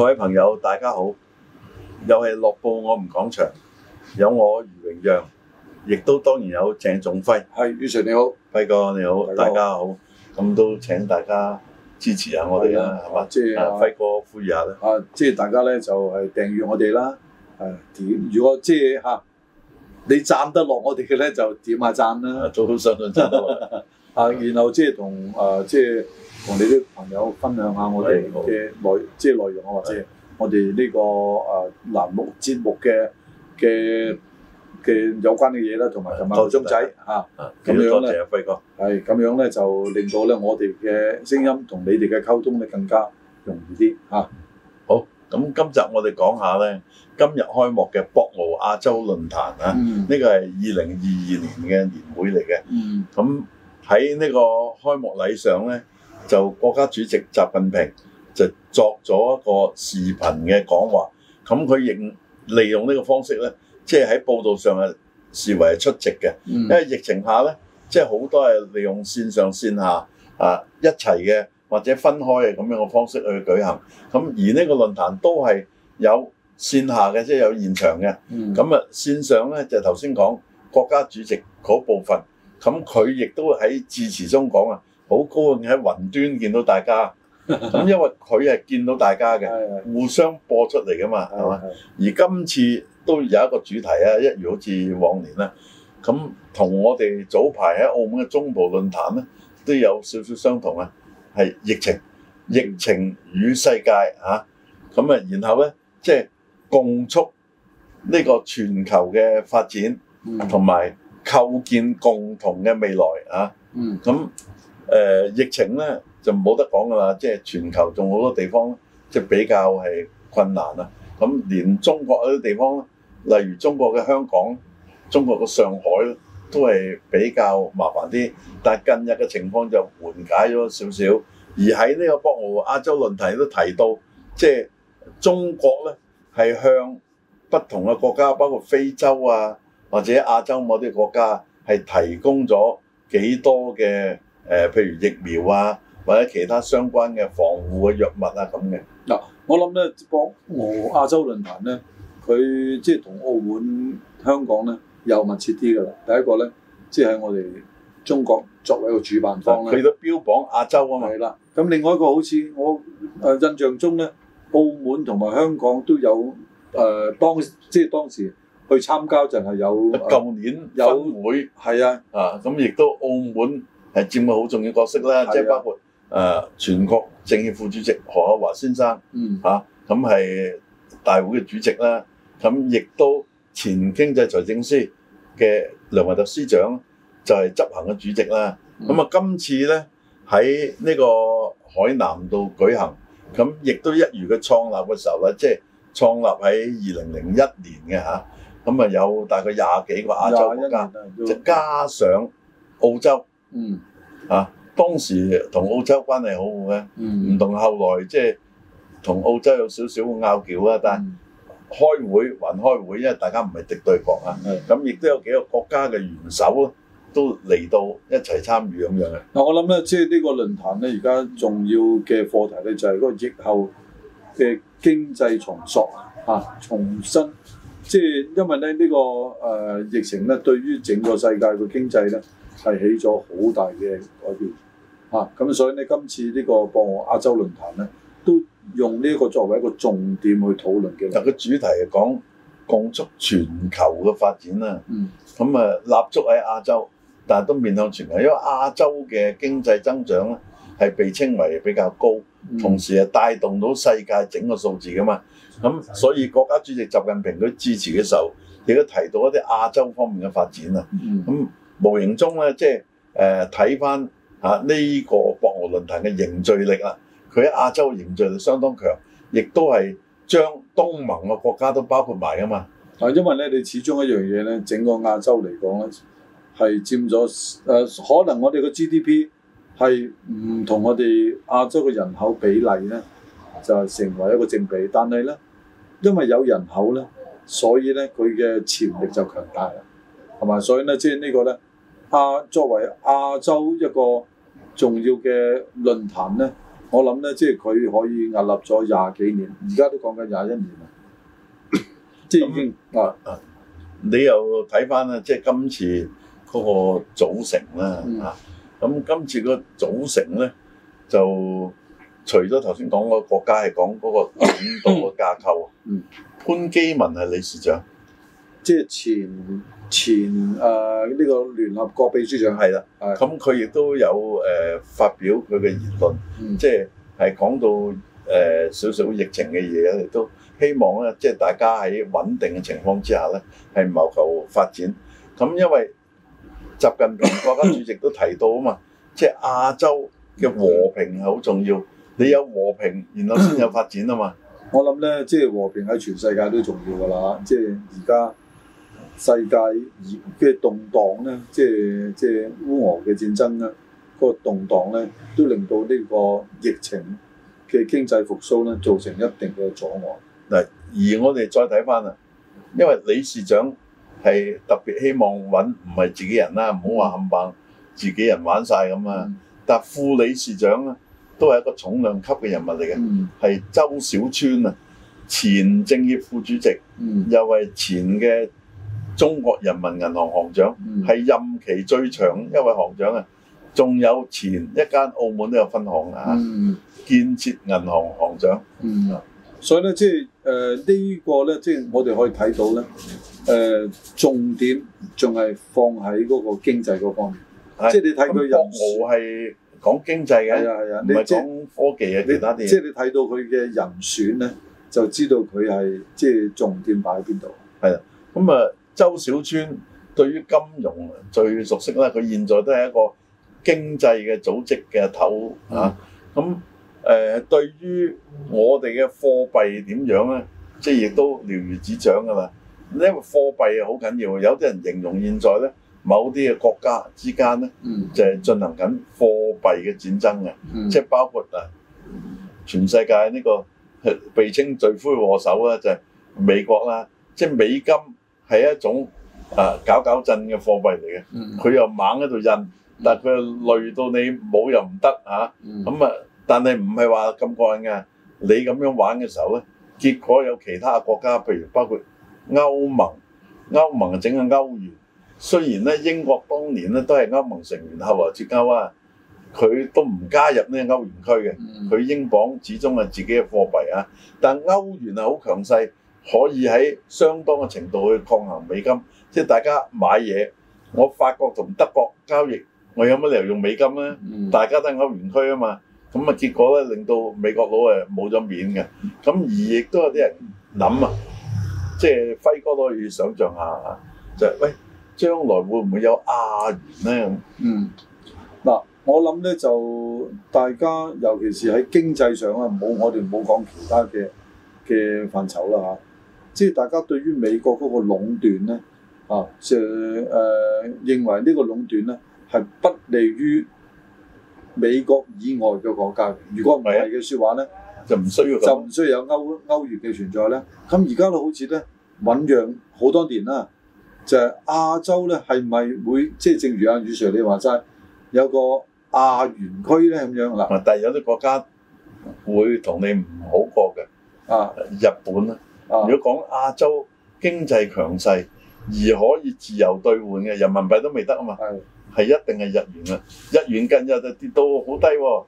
各位朋友，大家好！又係《樂報》我們講場，有我余榮讓，亦都當然有鄭仲輝。係，余 sir 你好，輝哥你好，大家好。咁都請大家支持下我哋啦，係嘛？即係輝哥呼籲下啦、啊就是就是。啊，即係大家咧就係訂閱我哋啦。啊點？如果即係嚇你贊得落我哋嘅咧，就點下贊啦。做收到真多啊！然後即係同啊即係。就是同你啲朋友分享下我哋嘅內即係內容啊，或者我哋呢個誒欄目節目嘅嘅嘅有關嘅嘢啦，同埋琴日仲仔嚇咁樣咧，係咁樣咧就令到咧我哋嘅聲音同你哋嘅溝通咧更加容易啲嚇。啊、好，咁今集我哋講下咧今日開幕嘅博鰲亞洲論壇啊，呢、嗯、個係二零二二年嘅年會嚟嘅。嗯，咁喺呢個開幕禮上咧。就國家主席習近平就作咗一個視頻嘅講話，咁佢亦利用呢個方式咧，即係喺報道上係視為出席嘅，嗯、因為疫情下咧，即係好多係利用線上線下啊一齊嘅，或者分開嘅咁樣嘅方式去舉行。咁而呢個論壇都係有線下嘅，即係有現場嘅，咁啊、嗯、線上咧就頭先講國家主席嗰部分，咁佢亦都喺致辭中講啊。好高興，喺雲端見到大家，咁因為佢係見到大家嘅， 互相播出嚟噶嘛，係嘛？ 而今次都有一個主題啊，一如好似往年啦。咁同我哋早排喺澳門嘅中部論壇咧，都有少少相同啊，係疫情、疫情與世界啊。咁啊，然後咧，即係共促呢個全球嘅發展，同埋、嗯、構建共同嘅未來啊。嗯，咁、嗯。嗯誒、呃、疫情咧就冇得講㗎啦，即係全球仲好多地方即係比較係困難啦。咁連中國嗰啲地方，例如中國嘅香港、中國嘅上海都係比較麻煩啲。但係近日嘅情況就緩解咗少少。而喺呢個博鰲亞洲論壇都提到，即係中國咧係向不同嘅國家，包括非洲啊或者亞洲某啲國家係提供咗幾多嘅。誒，譬如疫苗啊，或者其他相關嘅防護嘅藥物啊，咁嘅嗱，我諗咧，博鰲亞洲論壇咧，佢即係同澳門、香港咧又密切啲噶啦。第一個咧，即係喺我哋中國作為一個主辦方咧，佢都標榜亞洲啊嘛。係啦。咁另外一個好似我誒印象中咧，澳門同埋香港都有誒當即係當時去參加就係有舊年有會係啊啊咁，亦都澳門。係佔個好重要角色啦，即係的包括誒、呃、全國政協副主席何厚鏵先生嚇，咁係、嗯啊、大會嘅主席啦，咁亦都前經濟財政司嘅梁維特司長就係、是、執行嘅主席啦。咁、嗯、啊，今次咧喺呢個海南度舉行，咁、啊、亦都一如佢創立嘅時候咧，即、啊、係、就是、創立喺二零零一年嘅嚇，咁啊，啊有大概廿幾個亞洲國家，即加上澳洲。嗯，嚇、啊，當時同澳洲關係好好嘅，唔、嗯、同後來即係同澳洲有少少拗撬啊，但係開會還開會，因為大家唔係敵對國的啊，咁亦都有幾個國家嘅元首都嚟到一齊參與咁樣嘅。嗱的、啊，我諗咧，即係呢個論壇咧，而家重要嘅課題咧就係嗰個疫後嘅經濟重塑啊，重新即係因為咧呢、呢個誒、呃、疫情咧，對於整個世界嘅經濟咧。提起咗好大嘅改變嚇，咁、啊、所以你今次呢個博鰲亞洲論壇咧，都用呢一個作為一個重點去討論嘅。嗱，個主題係講共促全球嘅發展啦，咁啊立足喺亞洲，但係都面向全球，因為亞洲嘅經濟增長咧係被稱為比較高，嗯、同時又帶動到世界整個數字噶嘛。咁、嗯、所以國家主席習近平都支持嘅時候，亦都提到一啲亞洲方面嘅發展啊。咁、嗯嗯無形中咧，即係誒睇翻嚇呢個博鰲論壇嘅凝聚力啦。佢喺亞洲凝聚力相當強，亦都係將東盟嘅國家都包括埋啊嘛。啊，因為咧，你始終一樣嘢咧，整個亞洲嚟講咧，係佔咗誒、呃，可能我哋嘅 GDP 係唔同我哋亞洲嘅人口比例咧，就係成為一個正比。但係咧，因為有人口咧，所以咧佢嘅潛力就強大啦，係嘛？所以咧，即係呢個咧。亞、啊、作為亞洲一個重要嘅論壇咧，我諗咧即係佢可以屹立咗廿幾年，而家都講緊廿一年啦，即係已經啊啊！你又睇翻啊，即係今次嗰個組成咧嚇，咁、嗯啊、今次個組成咧就除咗頭先講個國家係講嗰個領導嘅架構，嗯嗯、潘基文係理事長。即係前前誒呢、uh, 個聯合國秘書長係啦，咁佢亦都有誒、uh, 發表佢嘅言論，即係係講到誒、uh, 少少疫情嘅嘢，亦都希望咧，即、就、係、是、大家喺穩定嘅情況之下咧，係謀求發展。咁因為習近平國家主席都提到啊嘛，即係 亞洲嘅和平係好重要，嗯、你有和平，然後先有發展啊嘛。 我諗咧，即係和平喺全世界都重要噶啦，即係而家。世界而嘅動盪咧，即係即係烏俄嘅戰爭咧，個動盪咧都令到呢個疫情嘅經濟復甦咧造成一定嘅阻礙。嗱，而我哋再睇翻啊，因為理事長係特別希望揾唔係自己人啦，唔好話冚棒自己人玩晒咁啊。嗯、但副理事長咧都係一個重量級嘅人物嚟嘅，係、嗯、周小川啊，前政協副主席，嗯、又係前嘅。中國人民銀行行長係、嗯、任期最長一位行長啊！仲有前一間澳門都有分行啊！嗯、建設銀行行長，嗯，嗯所以咧即係誒呢個咧即係我哋可以睇到咧誒、呃、重點仲係放喺嗰個經濟嗰方面，即係對你睇佢任務係講經濟嘅，係啊係啊，唔係講科技啊讓其他啲即係你睇到佢嘅人選咧，就知道佢係即係重點擺喺邊度。係啦，咁啊。周小川對於金融最熟悉咧，佢現在都係一個經濟嘅組織嘅頭、嗯、啊。咁、呃、誒，對於我哋嘅貨幣點樣咧，即係亦都瞭如指掌噶啦。因為貨幣好緊要，有啲人形容現在咧，某啲嘅國家之間咧，嗯、就係進行緊貨幣嘅戰爭嘅，嗯、即係包括啊，全世界呢個被稱罪魁禍首咧，就係、是、美國啦，即係美金。係一種啊、呃、搞搞震嘅貨幣嚟嘅，佢、嗯、又猛喺度印，嗯、但係佢累到你冇又唔得嚇，咁啊，嗯嗯、但係唔係話咁過癮嘅。你咁樣玩嘅時候咧，結果有其他國家，譬如包括歐盟，歐盟整緊歐元。雖然咧英國當年咧都係歐盟成員後啊脱歐啊，佢都唔加入呢個歐元區嘅，佢、嗯、英鎊始終係自己嘅貨幣啊。但係歐元係好強勢，可以喺相當嘅程度去抗衡美金，即係大家買嘢，我法國同德國交易，我有乜理由用美金咧？嗯、大家都歐元區啊嘛，咁啊結果咧令到美國佬係冇咗面嘅，咁而亦都有啲人諗啊，即係輝哥都可以想象下，就係、是、喂，將來會唔會有亞元咧？嗯，嗱，我諗咧就大家，尤其是喺經濟上啊，冇我哋冇講其他嘅嘅範疇啦嚇。即係大家對於美國嗰個壟斷咧，啊就誒、呃、認為呢個壟斷咧係不利於美國以外嘅國家。如果唔係嘅説話咧，哎，就唔需要就唔需要有歐歐元嘅存在咧。咁而家都好似咧醖釀好多年啦，就係、是、亞洲咧係咪會即係正如阿余 Sir 你話齋，有個亞元區咧咁樣啊？但係有啲國家會同你唔好過嘅，啊日本啦。啊、如果講亞洲經濟強勢而可以自由兌換嘅人民幣都未得啊嘛，係的一定係日元啦。日元近日就跌到好低喎，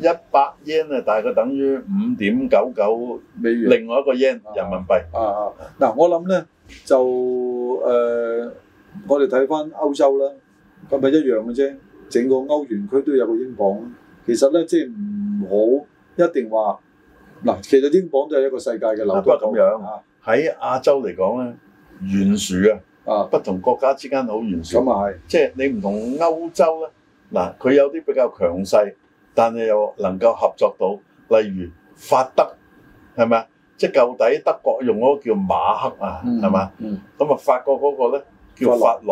一百日圓啊，大概等於五點九九美元。另外一個日圓人民幣啊啊，嗱我諗咧就誒，我哋睇返歐洲啦，係咪一樣嘅啫？整個歐元區都有個英鎊，其實咧即係唔好一定話。嗱，其實英鎊都係一個世界嘅流，不過咁樣喺、啊、亞洲嚟講咧，懸殊啊，不同國家之間好懸殊。咁啊即係你唔同歐洲咧，嗱，佢有啲比較強勢，但係又能夠合作到，例如法德，係咪啊？即係舊底德國用嗰個叫馬克啊，係咪？咁啊法國嗰個咧叫法郎，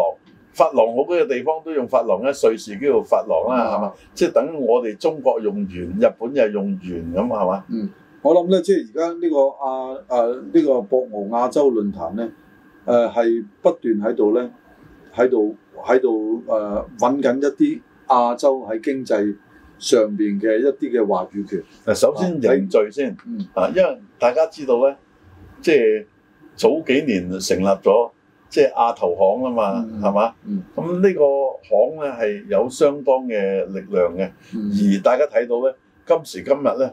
法郎，法郎好多嘅地方都用法郎啊，瑞士叫做法郎啦，係嘛？嗯、即係等我哋中國用元，日本又用元咁係嘛？嗯。我諗咧，即係而家呢個啊啊呢、這個博鰲亞洲論壇咧，誒、呃、係不斷喺度咧，喺度喺度誒揾緊一啲亞洲喺經濟上邊嘅一啲嘅話語權。誒，首先凝聚先，嗯、啊，因為大家知道咧，即、就、係、是、早幾年成立咗，即、就、係、是、亞投行啊嘛，係嘛，咁呢個行咧係有相當嘅力量嘅，而大家睇到咧，今時今日咧。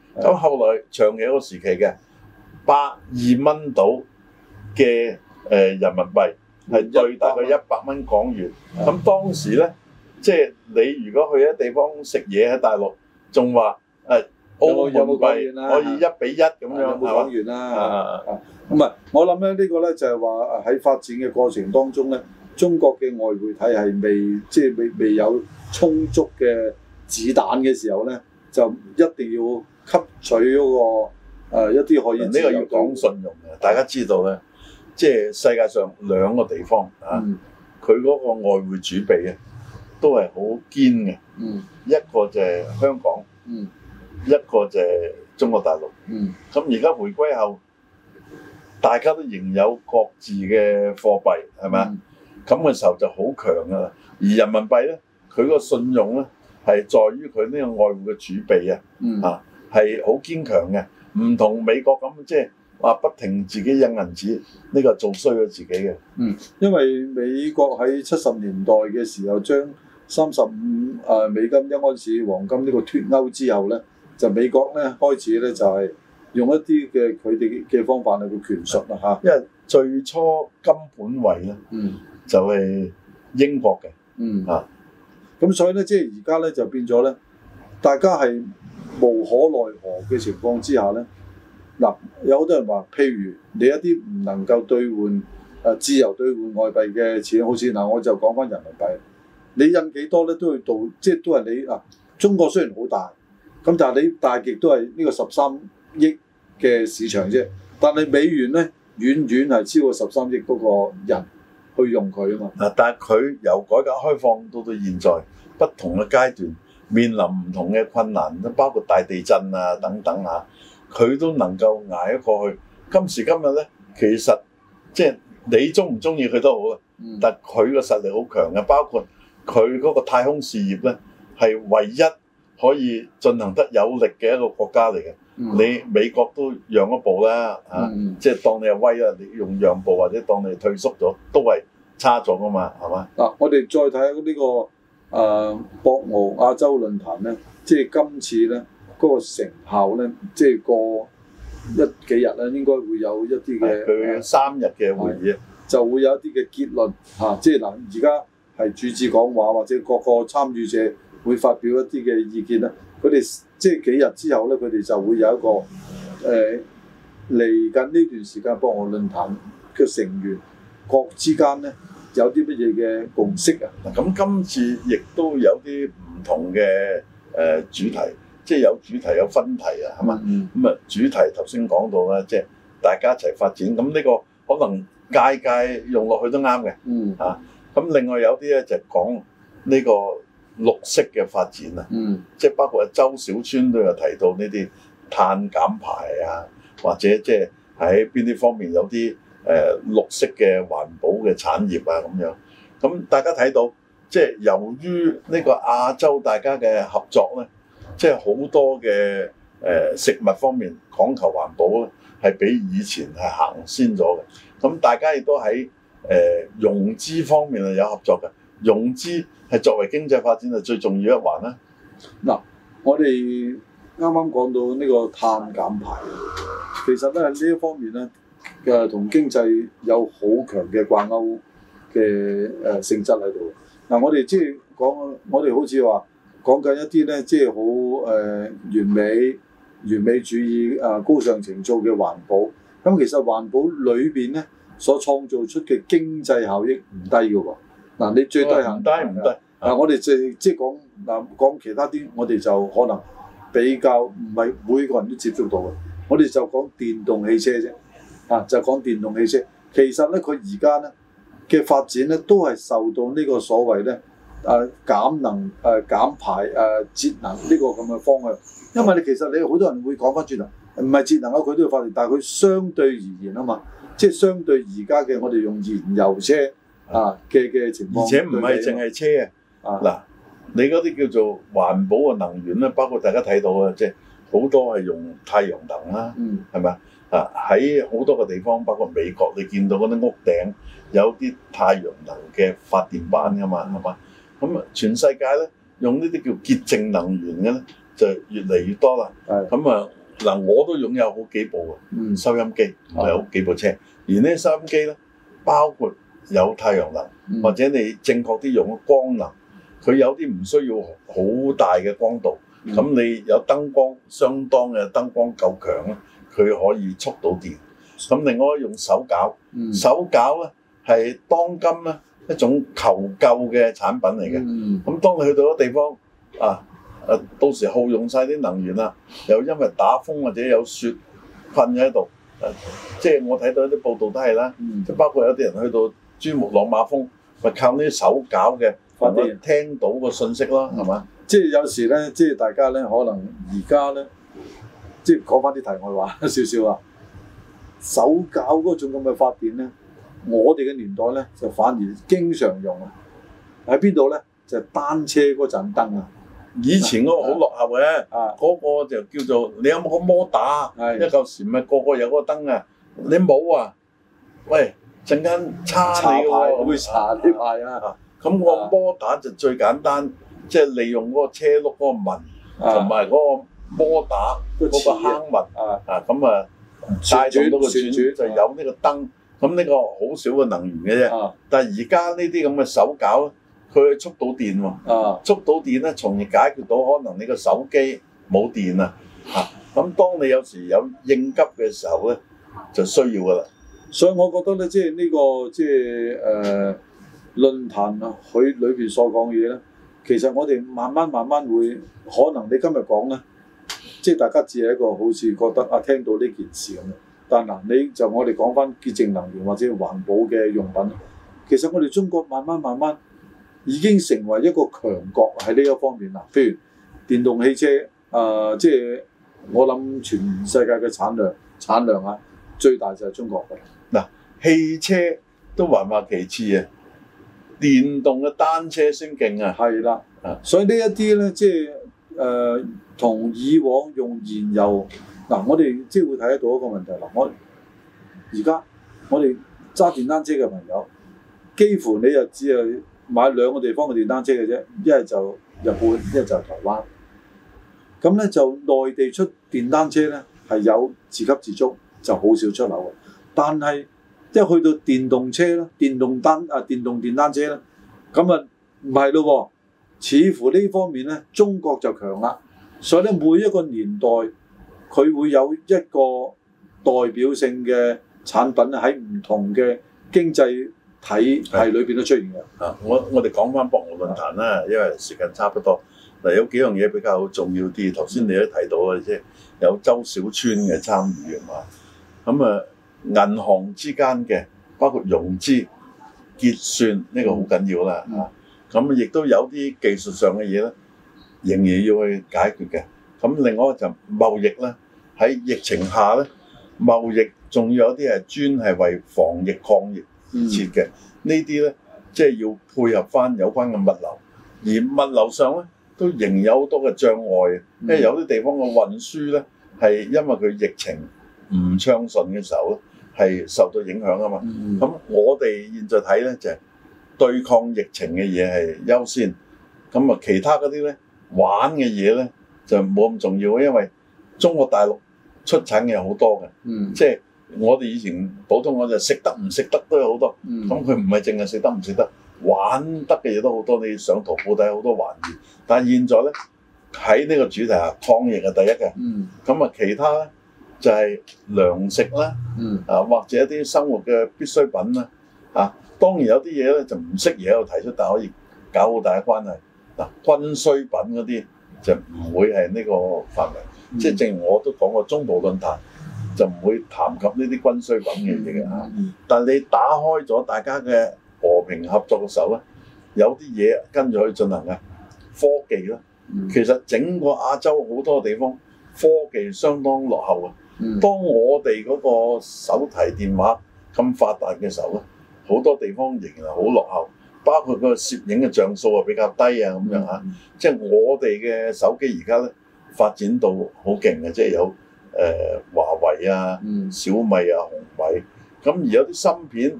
咁後來長期一個時期嘅百二蚊到嘅誒人民幣係最大嘅一百蚊港元。咁當時咧，即係你如果去一地方食嘢喺大陸，仲話誒澳門幣可以一比一咁樣冇講完啦。唔係，我諗咧呢個咧就係話喺發展嘅過程當中咧，中國嘅外匯體係未即係未未有充足嘅子彈嘅時候咧，就一定要。吸取嗰個、呃、一啲可以，呢個要講信用嘅。大家知道咧，即係世界上兩個地方、嗯、啊，佢嗰個外匯儲備啊，都係好堅嘅。嗯、一個就係香港，嗯、一個就係中國大陸。咁而家回歸後，大家都仍有各自嘅貨幣，係咪？咁嘅、嗯、時候就好強噶啦。而人民幣咧，佢個信用咧係在於佢呢個外匯嘅儲備啊，嚇、啊。係好堅強嘅，唔同美國咁，即係話不停自己印銀紙，呢、這個做衰咗自己嘅。嗯，因為美國喺七十年代嘅時候，將三十五啊美金一安士黃金呢個脫鈎之後咧，就美國咧開始咧就係、是、用一啲嘅佢哋嘅方法嚟到權術是啊嚇，因為最初金本位咧，嗯，就係英國嘅，嗯啊，咁、嗯、所以咧即係而家咧就變咗咧，大家係，無可奈何嘅情況之下咧，嗱有好多人話，譬如你一啲唔能夠兌換誒、啊、自由兌換外幣嘅錢，好似嗱，我就講翻人民幣，你印幾多咧都要到，即係都係你嗱、啊。中國雖然好大，咁但係你大極都係呢個十三億嘅市場啫。但係美元咧，遠遠係超過十三億個人去用佢啊嘛。嗱，但係佢由改革開放到到現在，不同嘅階段。面臨唔同嘅困難，都包括大地震啊等等嚇、啊，佢都能夠捱得過去。今時今日咧，其實即係你鍾唔鍾意佢都好啊，但佢個實力好強嘅，包括佢嗰個太空事業咧係唯一可以進行得有力嘅一個國家嚟嘅。嗯、你美國都讓一步啦嚇，啊嗯、即係當你係威啦，你用讓步或者當你退縮咗，都係差咗噶嘛，係嘛？嗱、啊，我哋再睇下呢個。誒、呃、博鰲亞洲論壇咧，即係今次咧嗰、那個成效咧，即係過一幾日咧，應該會有一啲嘅是、呃、三日嘅會議就會有一啲嘅結論嚇、啊。即係嗱，而家係主持講話或者各個參與者會發表一啲嘅意見啦。佢哋即係幾日之後咧，佢哋就會有一個誒嚟緊呢段時間博鰲論壇嘅成員國之間咧。有啲乜嘢嘅共識啊？咁今次亦都有啲唔同嘅誒主題，嗯、即係有主題有分題啊，係嘛？咁啊、嗯、主題頭先講到啦，即係大家一齊發展。咁呢個可能界界用落去都啱嘅。嗯啊，咁另外有啲咧就係講呢個綠色嘅發展啊。嗯，即係包括周小川都有提到呢啲碳減排啊，或者即係喺邊啲方面有啲。誒、呃、綠色嘅環保嘅產業啊，咁樣咁、嗯、大家睇到，即係由於呢個亞洲大家嘅合作咧，即係好多嘅誒、呃、食物方面講求環保咧，係比以前係行先咗嘅。咁、嗯、大家亦都喺誒、呃、融資方面係有合作嘅，融資係作為經濟發展嘅最重要一環啦、啊。嗱，我哋啱啱講到呢個碳減排，其實咧呢一方面咧。嘅同經濟有好強嘅掛鈎嘅誒性質喺度。嗱、啊，我哋即係講，我哋好似話講緊一啲咧，即係好誒完美、完美主義啊、高尚情操嘅環保。咁、啊、其實環保裏邊咧，所創造出嘅經濟效益唔低㗎喎。嗱、啊，你最低限唔低唔低？嗱、啊，我哋即係即係講嗱講其他啲，我哋就可能比較唔係每個人都接觸到嘅。我哋就講電動汽車啫。啊，就講電動汽車，其實咧佢而家咧嘅發展咧都係受到呢個所謂咧誒減能誒減、啊、排誒節、啊、能呢個咁嘅方向。因為你其實你好多人會講返轉頭，唔係節能啊，佢都要發展，但係佢相對而言啊嘛，即係相對而家嘅我哋用燃油車啊嘅嘅情況，而且唔係淨係車啊嗱，啊啊你嗰啲叫做環保嘅能源咧，包括大家睇到嘅即係好多係用太陽能啦、啊，係咪、嗯啊！喺好多個地方，包括美國，你見到嗰啲屋頂有啲太陽能嘅發電板噶嘛，係嘛、mm？咁、hmm. 啊，全世界咧用呢啲叫潔淨能源嘅咧，就越嚟越多啦。咁啊、mm！嗱、hmm. 嗯，我都擁有好幾部嘅收音機，係好、mm hmm. 幾部車，而呢收音機咧，包括有太陽能，mm hmm. 或者你正確啲用嘅光能，佢有啲唔需要好大嘅光度，咁、mm hmm. 你有燈光相當嘅燈光夠強啦。佢可以觸到電，咁另外用手搞。嗯、手搞咧係當今咧一種求救嘅產品嚟嘅。咁、嗯、當你去到一地方啊，誒到時耗用晒啲能源啦，又因為打風或者有雪瞓喺度，誒、啊、即係我睇到一啲報道都係啦，即、嗯、包括有啲人去到珠穆朗瑪峰，咪靠呢啲手搞嘅，或者點聽到個信息咯，係嘛、嗯吧？即係有時咧，即係大家咧，可能而家咧。即係講翻啲題外話少少啊！手搞嗰種咁嘅發電咧，我哋嘅年代咧就反而經常用、就是、啊！喺邊度咧就單車嗰盞燈啊！以前嗰個好落後嘅啊，嗰個就叫做你有冇個摩打？係一舊時咪個有個有嗰個燈啊！你冇啊？喂，陣間叉你喎！會叉你係、哦、牌啊！咁、啊啊、個摩打就最簡單，即、就、係、是、利用嗰個車碌嗰個紋同埋嗰個。啊啊啊啊波打嗰個坑物啊咁啊，帶動到個轉就有呢個燈。咁呢個好少嘅能源嘅啫。但係而家呢啲咁嘅手攪，佢觸到電喎。觸到電咧，從而解決到可能你個手機冇電啊。嚇！咁當你有時有應急嘅時候咧，就需要㗎啦。所以我覺得咧，即係呢個即係誒論壇啊，佢裏邊所講嘅嘢咧，其實我哋慢慢慢慢會可能你今日講咧。即係大家只係一個好似覺得啊，聽到呢件事咁樣。但嗱，你就我哋講翻潔淨能源或者環保嘅用品，其實我哋中國慢慢慢慢已經成為一個強國喺呢一方面啦。譬如電動汽車，誒、呃，即係我諗全世界嘅產量產量啊，最大就係中國嘅。嗱，汽車都還話其次啊，電動嘅單車先勁啊。係啦的，啊，所以呢一啲咧，即係誒。呃同以往用燃油嗱，我哋即係會睇得到一個問題啦。我而家我哋揸電單車嘅朋友，幾乎你又只係買兩個地方嘅電單車嘅啫，一係就日本，一係就台灣。咁咧就內地出電單車咧係有自給自足，就好少出流嘅。但係即係去到電動車咧、電動單啊、電動電單車咧，咁啊唔係咯喎，似乎呢方面咧中國就強啦。所以咧，每一個年代佢會有一個代表性嘅產品喺唔同嘅經濟體系裏邊都出現嘅。啊，我我哋講翻博鰲論壇啦，因為時間差不多。嗱，有幾樣嘢比較重要啲，頭先你都睇到嘅啫，有周小川嘅參與啊嘛。咁啊，銀、啊、行之間嘅包括融資、結算呢、這個好緊要啦。啊，咁、啊、亦、啊、都有啲技術上嘅嘢咧。仍然要去解決嘅。咁另外就貿易咧，喺疫情下咧，貿易仲要有啲係專係為防疫抗疫設嘅。呢啲咧，即係要配合返有關嘅物流。而物流上咧，都仍有好多嘅障礙，因為有啲地方嘅運輸咧，係因為佢疫情唔暢順嘅時候咧，係受到影響啊嘛。咁我哋現在睇咧，就係對抗疫情嘅嘢係優先。咁啊，其他嗰啲咧。玩嘅嘢咧就冇咁重要，因為中國大陸出產嘅好多嘅，嗯、即係我哋以前普通我就食得唔食得都有好多，咁佢唔係淨係食得唔食得，玩得嘅嘢都好多。你上淘寶睇好多玩意，但係現在咧喺呢個主題下，抗疫係第一嘅，咁啊、嗯、其他咧就係、是、糧食啦、嗯，啊或者啲生活嘅必需品啦，啊當然有啲嘢咧就唔適宜喺度提出，但可以搞好大家關係。啊、軍需品嗰啲就唔會係呢個範圍，嗯、即係正如我都講過，中葡論壇就唔會談及呢啲軍需品嘅嘢嘅嚇。但係你打開咗大家嘅和平合作嘅手，咧，有啲嘢跟住去進行嘅科技咧，其實整個亞洲好多地方科技相當落後嘅。當我哋嗰個手提電話咁發達嘅時候咧，好多地方仍然好落後。包括個攝影嘅像素啊，比較低啊，咁樣嚇。即係、嗯、我哋嘅手機而家咧發展到好勁嘅，即、就、係、是、有誒、呃、華為啊、小米啊、紅米。咁而有啲芯片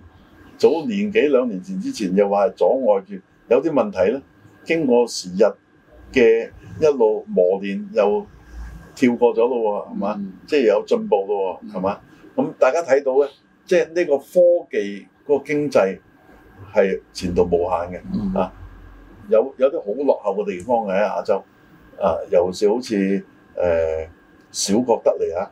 早年幾兩年前之前又話係阻礙住，有啲問題咧，經過時日嘅一路磨練又跳過咗咯喎，係嘛？即係、嗯、有進步咯喎，係嘛？咁、嗯、大家睇到咧，即係呢個科技嗰個經濟。係前途無限嘅，嗯、啊！有有啲好落後嘅地方喺亞洲啊，尤其好似誒、呃、小國得嚟啊，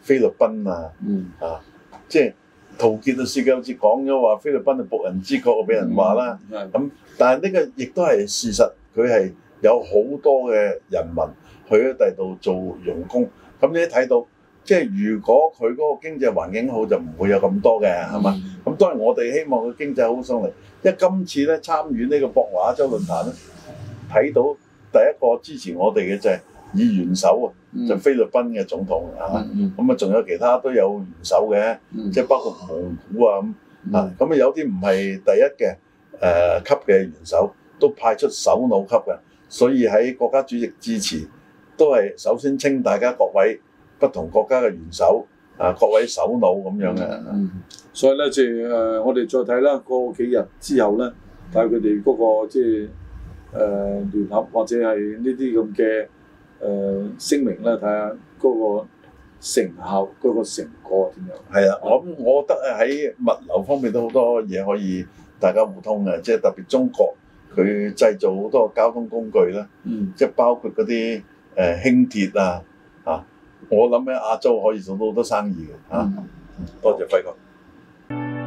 菲律賓啊，嗯、啊，即係陶傑嘅設計好似講咗話，菲律賓啊僕人之國啊，俾人話啦咁。但係呢個亦都係事實，佢係有好多嘅人民去咗第度做傭工。咁、嗯、你一睇到，即係如果佢嗰個經濟環境好，就唔會有咁多嘅，係嘛？咁、嗯、當然我哋希望佢經濟好上嚟。因為今次咧參與呢個博鰲亞洲論壇咧，睇到第一個支持我哋嘅就係以元首啊，就是、菲律賓嘅總統、嗯、啊，咁啊仲有其他都有元首嘅，即係、嗯、包括蒙古啊，嗯、啊咁啊有啲唔係第一嘅誒、呃、級嘅元首都派出首腦級嘅，所以喺國家主席支持都係首先稱大家各位。不同國家嘅元首啊，各位首腦咁樣嘅、嗯嗯，所以咧即係誒，我哋再睇啦，過幾日之後咧，睇下佢哋嗰個即係誒聯合或者係呢啲咁嘅誒聲明咧，睇下嗰個成效、嗰、嗯、個成果點樣。係啊，我我覺得喺物流方面都好多嘢可以大家互通嘅，即、就、係、是、特別中國佢製造好多交通工具啦，即係、嗯、包括嗰啲誒輕鐵啊。我諗喺亞洲可以做到好多生意嘅嚇，啊 mm-hmm. 多謝輝哥。